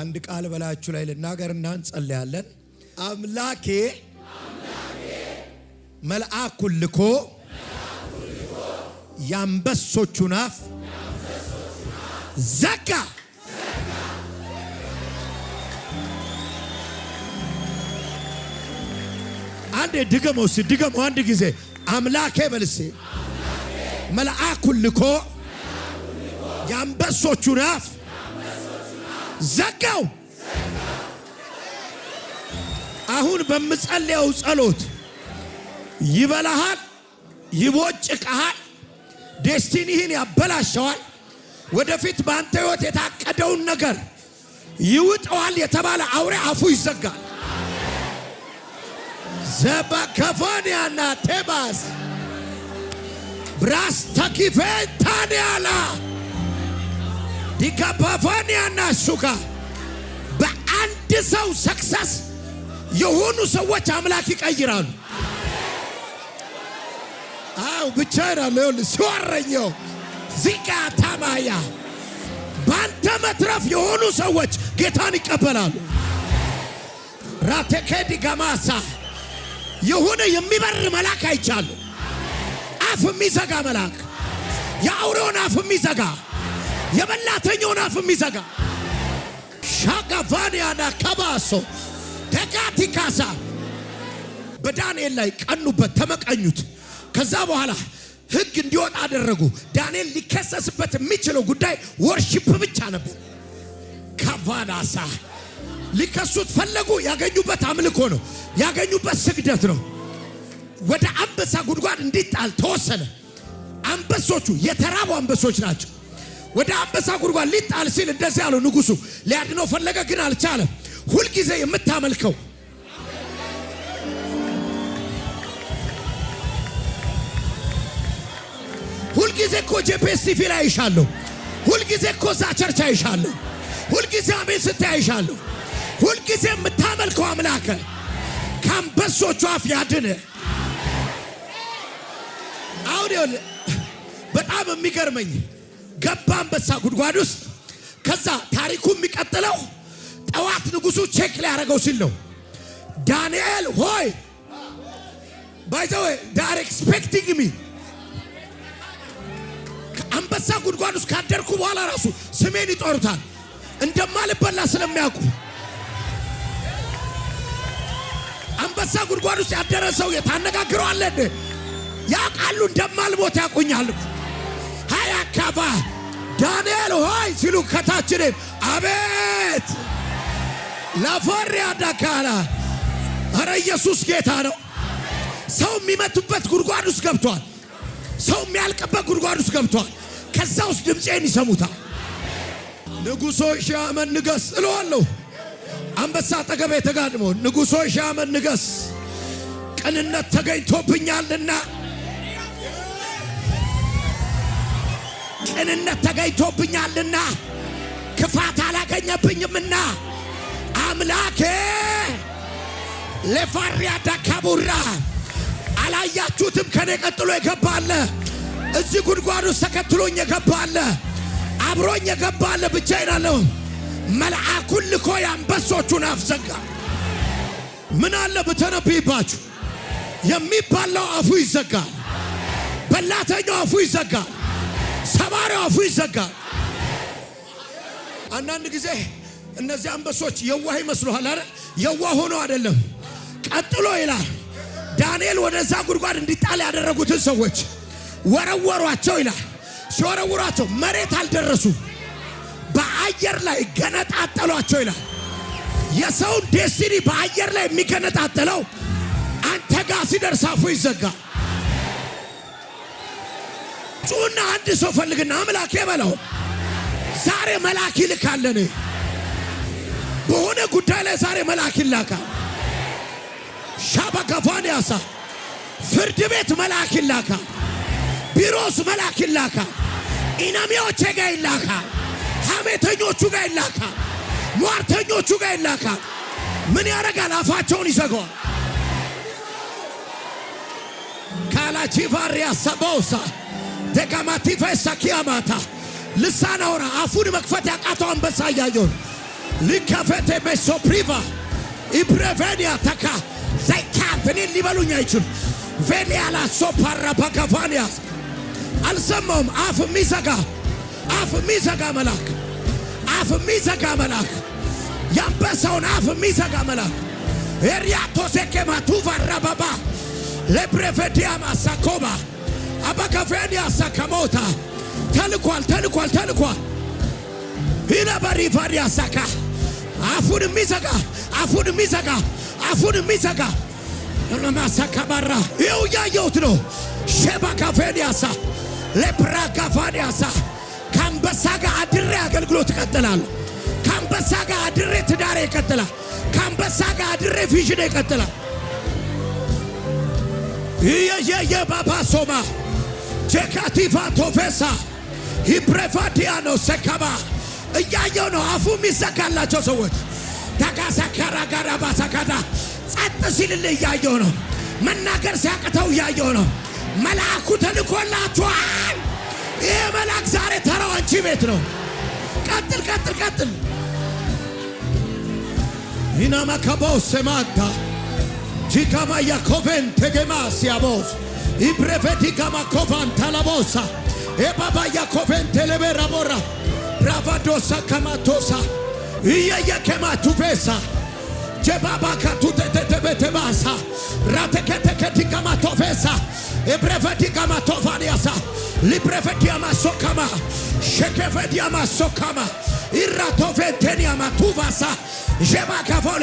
አንድ ቃል በላያችሁ ላይ ልናገርና እንጸለያለን። አምላኬ መልአኩን ልኮ የአንበሶቹን አፍ ዘጋ። አንዴ ድገሞ ስ ድገሞ አንድ ጊዜ አምላኬ በልሴ መልአኩን ልኮ የአንበሶቹን አፍ ዘጋው። አሁን በምጸልየው ጸሎት ይበላሃል፣ ይቦጭቅሃል፣ ዴስቲኒህን ያበላሸዋል። ወደፊት በአንተ ሕይወት የታቀደውን ነገር ይውጠዋል የተባለ አውሬ አፉ ይዘጋል። ዘባከፎንያና ቴባስ ብራስ ተኪፌንታንያላ ዲካፓፋኒያና ሱካ በአንድ ሰው ሰክሰስ የሆኑ ሰዎች አምላክ ይቀይራሉ። አው ብቻ ይላል ይሁን ሲወረኛው ዚቃ ታማያ ባንተ መትረፍ የሆኑ ሰዎች ጌታን ይቀበላሉ። ራቴኬዲ ጋማሳ የሆነ የሚበር መልአክ አይቻሉ። አፍ የሚዘጋ መልአክ የአውሬውን አፍ የሚዘጋ የበላተኛውን አፍ የሚዘጋ ሻጋቫንያና ከባሶ ተካቲካሳ በዳንኤል ላይ ቀኑበት፣ ተመቀኙት። ከዛ በኋላ ህግ እንዲወጣ አደረጉ። ዳንኤል ሊከሰስበት የሚችለው ጉዳይ ወርሺፕ ብቻ ነበር። ካቫናሳ ሊከሱት ፈለጉ። ያገኙበት አምልኮ ነው፣ ያገኙበት ስግደት ነው። ወደ አንበሳ ጉድጓድ እንዲጣል ተወሰነ። አንበሶቹ የተራቡ አንበሶች ናቸው። ወደ አንበሳ ጉድጓድ ሊጣል ሲል እንደዚህ ያለው ንጉሱ ሊያድነው ፈለገ፣ ግን አልቻለም። ሁልጊዜ የምታመልከው ሁልጊዜ እኮ ጄፒኤስ ቲቪ ላይ አይሻለሁ። ሁልጊዜ እኮ እዛ ቸርች አይሻለሁ። ሁልጊዜ አሜን ስታይ አይሻለሁ። ሁልጊዜ የምታመልከው አምላከ ከአንበሶቹ አፍ ያድነ። አሁን በጣም የሚገርመኝ ገባ አንበሳ ጉድጓድ ውስጥ። ከዛ ታሪኩ የሚቀጥለው ጠዋት ንጉሱ ቼክ ሊያደርገው ሲል ነው። ዳንኤል ሆይ ባይ ዳር ኤክስፔክቲንግ ሚ አንበሳ ጉድጓድ ውስጥ ካደርኩ በኋላ ራሱ ስሜን ይጠሩታል እንደማልበላ ስለሚያውቁ አንበሳ ጉድጓድ ውስጥ ያደረሰው የታነጋግረዋለን ያውቃሉ። እንደማልሞት ያቁኛል። ያካባ ዳንኤል ሆይ ሲሉ ከታችንም አቤት ላፈር ያዳካላ አረ ኢየሱስ ጌታ ነው። ሰው የሚመቱበት ጉድጓድ ውስጥ ገብቷል። ሰው የሚያልቅበት ጉድጓድ ውስጥ ገብቷል። ከዛ ውስጥ ድምፄን ይሰሙታል። ንጉሶ ሺህ ዓመት ንገስ እለዋለሁ። አንበሳ አጠገቤ ተጋድሞ ንጉሶ ሺህ ንገስ ቅንነት ተገኝቶብኛልና ቅንነት ተገኝቶብኛልና ክፋት አላገኘብኝምና አምላኬ ለፋሪያ ዳካቡራ አላያችሁትም። ከኔ ቀጥሎ የገባለ እዚህ ጉድጓድ ውስጥ ተከትሎኝ የገባለ አብሮኝ የገባለ ብቻ ይናለሁ። መልአኩን ልኮ የአንበሶቹን አፍ ዘጋ። ምን አለ ብተነብይባችሁ የሚባለው አፉ ይዘጋል። በላተኛው አፉ ይዘጋል። ሰባሪው አፉ ይዘጋል። አንዳንድ ጊዜ እነዚህ አንበሶች የዋህ ይመስሉሃል አረ የዋህ ሆኖ አይደለም። ቀጥሎ ይላል ዳንኤል ወደዛ ጉድጓድ እንዲጣል ያደረጉትን ሰዎች ወረወሯቸው ይላል። ሲወረውሯቸው መሬት አልደረሱ፣ በአየር ላይ ገነጣጠሏቸው ይላል። የሰውን ዴስቲኒ በአየር ላይ የሚገነጣጠለው አንተ ጋር ሲደርስ አፉ ይዘጋል። ጩና አንድ ሰው ፈልግና አምላኬ በለው። ዛሬ መልአክ ይልካለን። በሆነ ጉዳይ ላይ ዛሬ መልአክ ይላካል። ሻባጋፋን ያሳ ፍርድ ቤት መልአክ ይላካል። ቢሮስ መልአክ ይላካል። ኢናሚያዎቼ ጋር ይላካል። ሐሜተኞቹ ጋር ይላካል። ሟርተኞቹ ጋር ይላካል። ምን ያደርጋል? አፋቸውን ይዘጋዋል። ቫሪያ ያሰባውሳ ደጋማቲ ፈሳኪያማታ ልሳን አውራ አፉን መክፈት ያቃተው አንበሳ እያየው ሊከፈቴ ሜሶፕሪቫ ኢብሬቬኒያ ተካ ዘይካት እኔን ሊበሉኝ አይችሉ ቬሊያላ ሶፓራ ባጋቫንያ አልሰማውም። አፍ የሚዘጋ አፍ የሚዘጋ መልአክ አፍ የሚዘጋ መልአክ የአንበሳውን አፍ የሚዘጋ መልአክ ኤሪያቶ ሴኬማቱቫ ረባባ ሳኮባ አባ ከፍሬን ያሳከመውታ ተልኳል ተልኳል ተልኳል ሂና ያሳካ አፉን የሚዘጋ አፉን የሚዘጋ አፉን የሚዘጋ ረማሳካ ይኸው እያየሁት ነው። ሼባ ካፌን ያሳ ሌፕራ ካፋን ያሳ ከአንበሳ ጋር አድሬ አገልግሎት እቀጥላለሁ። ከአንበሳ ጋር አድሬ ትዳሬ ይቀጥላል። ከአንበሳ ጋር አድሬ ቪዥን ይቀጥላል። ይየየየ ባባ ሶማ ቼካቲቫ ቶፌሳ ሂፕሬፋዲያኖ ሰካባ እያየው ነው። አፉ የሚዘጋላቸው ሰዎች ተጋሰከራ ጋራ ባሳካዳ ጸጥ ሲልል እያየው ነው። መናገር ሲያቅተው እያየው ነው። መልአኩ ተልኮላችኋል። ይህ መልአክ ዛሬ ተራው አንቺ ቤት ነው። ቀጥል ቀጥል ቀጥል። ኢናማካቦስ ሴማታ ጂካማያ ኮቬን ቴጌማ ሲያቦስ ኢፕሬቬቲካማ ኮቫን ታላቦሳ ኤባባያ ኮቬን ቴሌቤራ ቦራ ብራቫዶሳ ከማቶሳ እየየኬማቱቤሳ ጀባባካቱቴቴቴቤቴባሳ ራቴኬቴኬቲካማቶፌሳ ኤብሬቬቲካማቶቫንያሳ ሊብሬቬዲያማሶካማ ሸኬቬዲያማሶካማ ኢራቶቬንቴንያማቱቫሳ ዤባካቮለ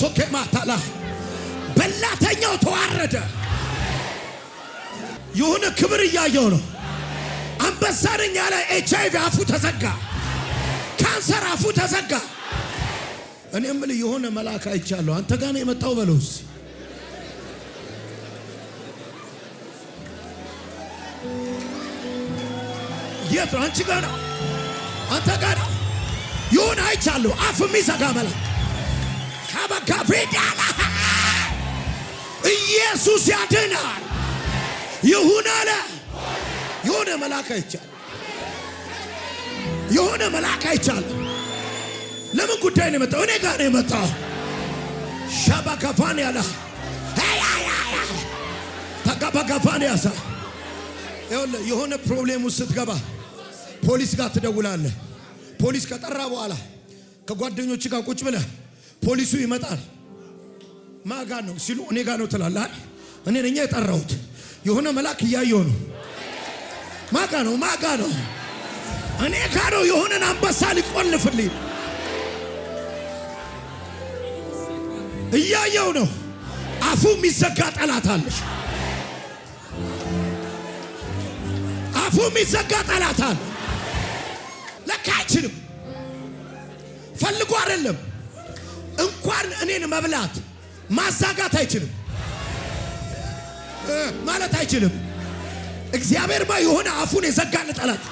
ሶኬማታላ በላተኛው ተዋረደ። የሆነ ክብር እያየው ነው። አንበሳንኛ ላይ ኤች አይቪ አፉ ተዘጋ፣ ካንሰር አፉ ተዘጋ። እኔ የሆነ መልአክ አይቻለሁ። አንተ ጋር ነው የመጣው በለውስ የት አንቺ ጋር ነው አንተ ጋር ነው ይሁን አይቻለሁ አፍ የሚዘጋ መልአክ ካበካፌዳላ ኢየሱስ ያድናል። ይሁን አለ። የሆነ መልአክ አይቻል የሆነ መልአክ አይቻል። ለምን ጉዳይ ነው የመጣው? እኔ ጋር ነው የመጣው። ሻባካፋን ያለ ተጋባጋፋን ያሳ የሆነ ፕሮብሌም ውስጥ ስትገባ ፖሊስ ጋር ትደውላለህ። ፖሊስ ከጠራ በኋላ ከጓደኞች ጋር ቁጭ ብለህ ፖሊሱ ይመጣል። ማጋ ነው ሲሉ እኔ ጋ ነው ትላላል። እኔ ነኝ የጠራሁት። የሆነ መልአክ እያየው ነው። ማጋ ነው ማጋ ነው እኔ ጋ ነው የሆነን አንበሳ ሊቆልፍልኝ እያየው ነው። አፉ የሚዘጋ ጠላት አለሽ። አፉ የሚዘጋ ጠላት አለ። ለካ አይችልም ፈልጎ አይደለም እንኳን እኔን መብላት ማዛጋት አይችልም ማለት አይችልም። እግዚአብሔርማ የሆነ አፉን የዘጋን ጠላት።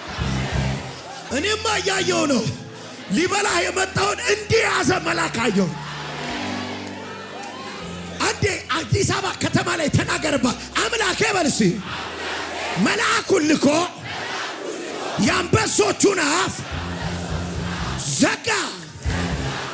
እኔማ እያየው ነው ሊበላህ የመጣውን እንዲህ ያዘ መልአክ አየው። አንዴ አዲስ አበባ ከተማ ላይ ተናገርባት። አምላኬ በልሲ መልአኩን ልኮ የአንበሶቹን አፍ ዘጋ።